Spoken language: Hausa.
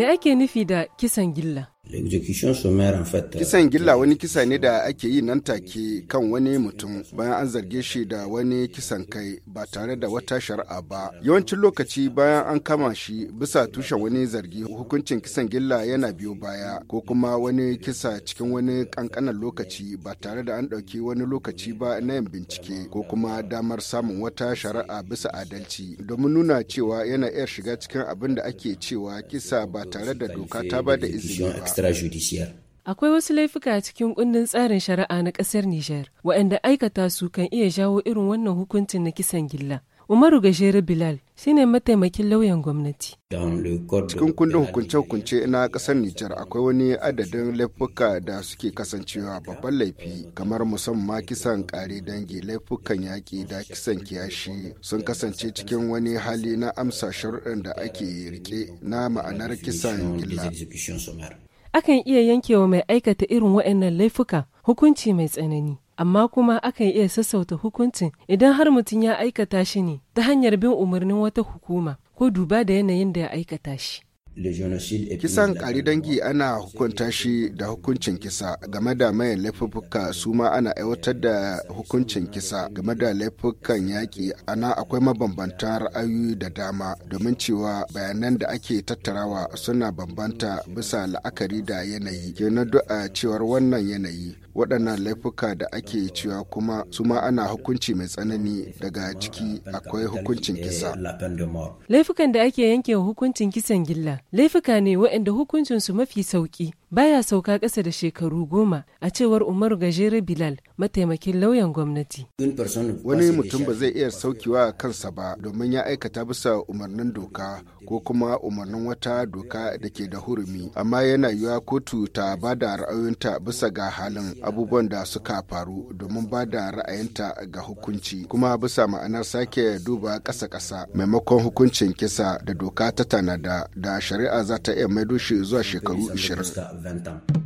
Me ake nufi da kisan gilla? Kisan gilla wani kisa ne da ake yi nan take kan wani mutum bayan an zarge shi da wani kisan kai ba tare da wata shari'a ba. Yawancin lokaci bayan an kama shi bisa tushen wani zargi hukuncin kisan gilla yana biyo baya ko kuma wani kisa cikin wani kankanan lokaci ba tare da an ɗauki wani lokaci ba na yin bincike ko kuma damar samun wata shari'a bisa adalci domin nuna cewa yana iya shiga cikin abin da ake cewa kisa ba tare da doka ta ba da izini ba. extrajudiciaire Akwai wasu laifuka cikin kundin tsarin shari'a na ƙasar Nijar waɗanda aikata su kan iya jawo irin wannan hukuncin na kisan gilla. Umaru Gashere Bilal ne mataimakin lauyan gwamnati. Cikin kundin hukunce-hukunce na ƙasar Nijar akwai wani adadin laifuka da suke kasancewa babban laifi kamar musamman kisan ƙare dangi laifukan yaƙi da kisan kiyashi sun kasance cikin wani hali na amsa sharuɗin da ake rike na ma'anar kisan gilla. akan iya yankewa mai aikata irin waɗannan laifuka hukunci mai tsanani. Amma kuma akan iya sassauta hukuncin idan har mutum ya aikata shi ne ta hanyar bin umarnin wata hukuma ko duba da yanayin da ya aikata shi. Kisan kari dangi ana hukunta shi da hukuncin kisa game da mayan laifuka su ma ana aiwatar da hukuncin kisa game da laifukan yaƙi ana akwai mabambanta ra'ayoyi da dama domin cewa bayanan da ake tattarawa suna bambanta bisa la'akari da yanayi ke na a cewar wannan yanayi waɗannan laifuka da ake cewa kuma su ma ana hukunci mai tsanani daga ciki akwai hukuncin kisa. Eh, laifukan da ake yanke hukuncin kisan gilla laifuka ne waɗanda hukuncinsu mafi sauƙi baya sauka ƙasa da shekaru goma a cewar umaru gajere bilal mataimakin lauyan gwamnati wani mutum ba zai iya saukewa kansa ba domin ya aikata bisa umarnin doka ko kuma umarnin wata doka da ke da hurumi amma yana yiwuwa kotu ta ba da ra'ayoyinta bisa ga halin abubuwan da suka faru domin ba da ra'ayinta ga hukunci kuma bisa ma'anar sake duba ƙasa kasa maimakon hukuncin kisa da doka ta tanada da shari'a za ta iya maido shi zuwa shekaru ishirin 20 ans.